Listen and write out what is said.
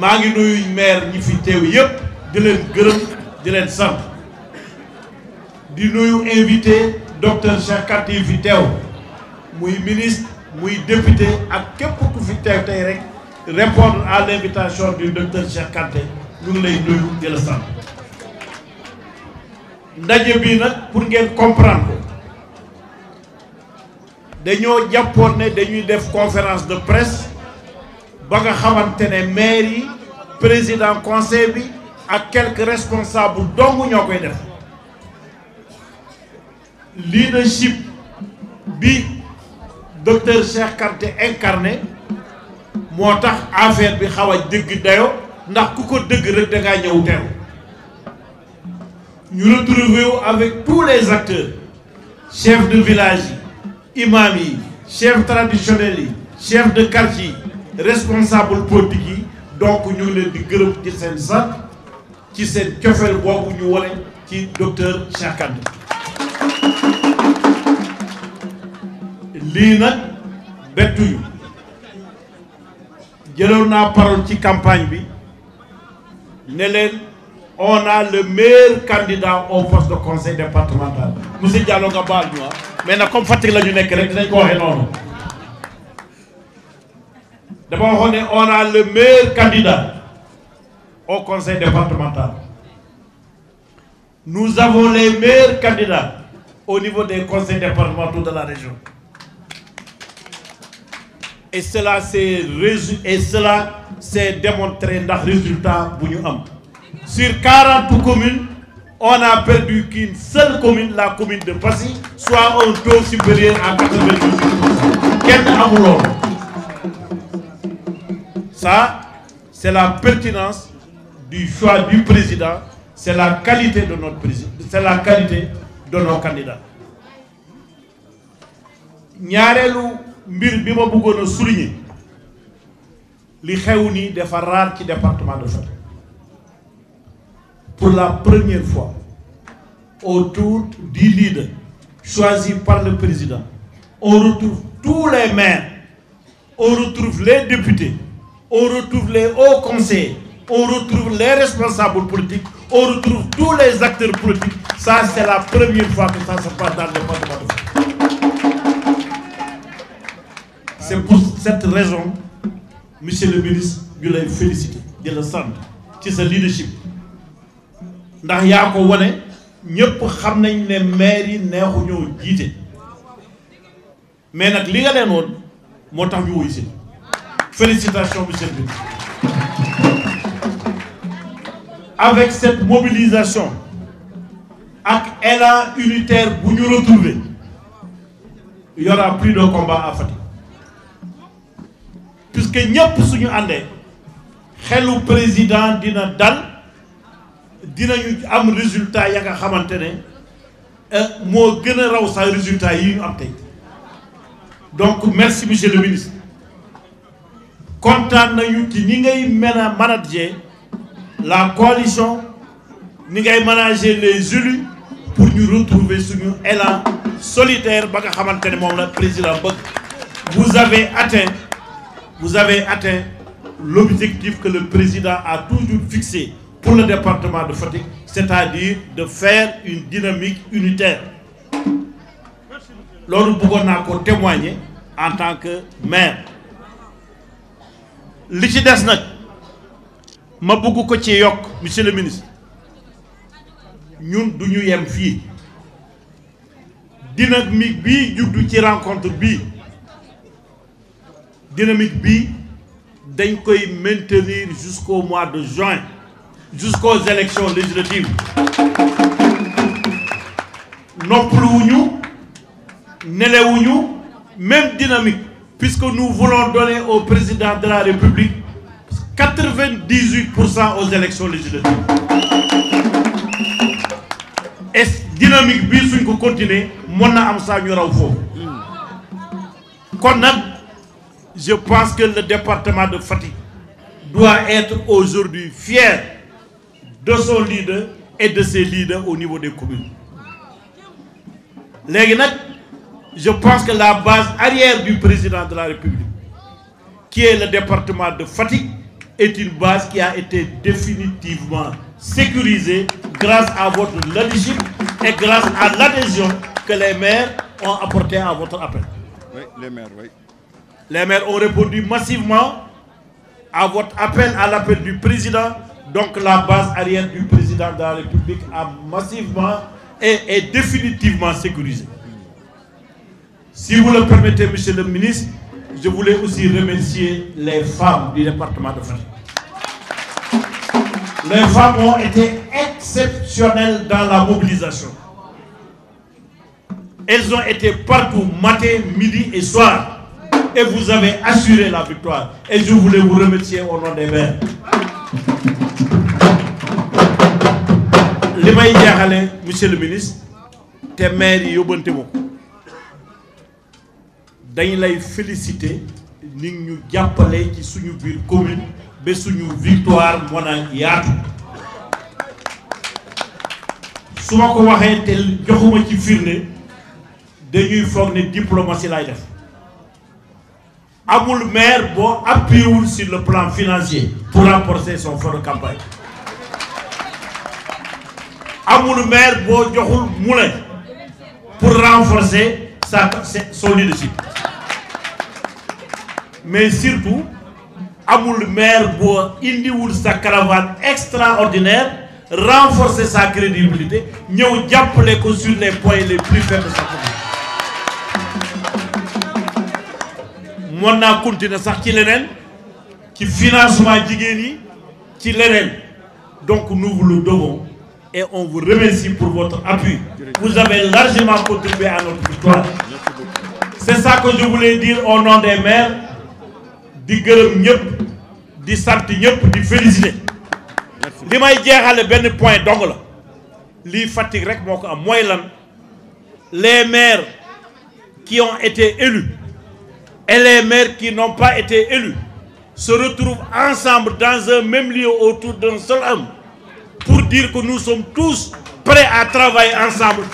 maa ngi nuyu maire ñi fi teew yépp di leen gërëm di leen sant di nuyu invité docteur Cheikh Kanté yi fi teew muy ministre muy député ak képp ku fi teew tey rek répondre à l'invitation du docteur Cheikh Kanté ñu ngi lay nuyu di la sant ndaje bi nag pour ngeen comprendre dañoo jàppoon ne dañuy def conférence de presse ba nga avez maire yi président conseil bi quelques responsables dong koy def leadership bi docteur Cheikh Karte incarné Moi, tax affaire bi xaw vous avez dayo ndax vous ko rek nous ngaa retrouvons avec tous les acteurs chef de village imams, imam traditionnels, chef traditionnel chef de quartier responsable politique donc ñu ngi du di gërëm ci qui sant ci seen cofeel boobu ñu wane ci docteur Cheikh Kane lii nag bettuñu jëloon parole ci campagne bi on a le meilleur candidat au poste de conseil départemental monsieur Diallo nga ah. mais comme Fatick la ñu nekk rek D'abord, on, a le meilleur candidat au conseil départemental. Nous avons les meilleurs candidats au niveau des conseils départementaux de la région. Et cela s'est démontré dans le résultat Sur 40 communes, on a perdu qu'une seule commune, la commune de Passy, soit un taux supérieur à 98% c'est la pertinence du choix du président, c'est la qualité de notre président, c'est la qualité de nos candidats. ñaareelu mbir bi li département de Fatick pour la première fois autour du leader choisi par le président on retrouve tous les maires on retrouve les députés on retrouve les hauts conseils, on retrouve les responsables politiques, on retrouve tous les acteurs politiques. Ça, c'est la première fois que ça se passe dans le département C'est pour cette raison, monsieur le ministre, je vous félicité, je le sens, c'est ce leadership. ndax yaa ko les maires ne maire yi mais nak li nga leen won motax ñu Félicitations, monsieur le ministre. Avec cette mobilisation, avec l'élan unitaire, vous nous retrouvez. Il n'y aura plus de combat à faire. Puisque nous sommes xelu président dina dal a am résultat ya nga important et euh, résultat donc merci monsieur le ministre content à nous ni ngay manager la coalition nous ngay manager les élus pour nous retrouver une élan solitaire ba nga président vous avez atteint vous avez atteint l'objectif que le président a toujours fixé pour le département de fatigue, c'est-à-dire de faire une dynamique unitaire Nous vous encore témoigner en tant que maire li ci des nag ma veux ko ci monsieur le ministre ñun sommes ñu yem La dynamique bii juddu ci rencontre la dynamique B, dañ koy maintenir jusqu'au mois de juin jusqu'aux élections législatives noppaluwuñu nelewuñu même dynamique puisque nous voulons donner au président de la République 98% aux élections législatives. Et dynamique bi suñ ko continuer am ñu je pense que le département de Fatih doit être aujourd'hui fier de son leader et de ses leaders au niveau des communes Légui je pense que la base arrière du président de la République, qui est le département de Fatigue, est une base qui a été définitivement sécurisée grâce à votre leadership et grâce à l'adhésion que les maires ont apportée à votre appel. Oui, les maires, oui. Les maires ont répondu massivement à votre appel, à l'appel du président. Donc la base arrière du président de la République a massivement et est définitivement sécurisée. Si vous le permettez, Monsieur le ministre, je voulais aussi remercier les femmes du département de France. Les femmes ont été exceptionnelles dans la mobilisation. Elles ont été partout, matin, midi et soir. Et vous avez assuré la victoire. Et je voulais vous remercier au nom des maires. Les maïs, monsieur le ministre tes maires et dañ lay féliciter ni ñu jàppale ci suñu biir commune ba suñu victoire mën a yaatu su ma ko waxee te joxuma ci firnde dañuy foog ne diplomatie lay def amul maire boo appuyewul sur le plan financier pour renforcer son fonds de campagne amul maire boo joxul moulin pour renforcer sa son leadership mais surtout amul maire pour indiwul sa caravane extraordinaire renforcer sa crédibilité nous avons ko sur les points les plus faibles de sa commune. Moi, continuer sax ci qui ci financement qui ci donc nous vous le devons et on vous remercie pour votre appui. vous avez largement contribué à notre victoire. c'est ça que je voulais dire au nom des maires di gërëm du di du ñëpp di féliciter li le point dong la lii rek les maires qui ont été élus et les maires qui n'ont pas été élus se retrouvent ensemble dans un même lieu autour d'un seul homme pour dire que nous sommes tous prêts à travailler ensemble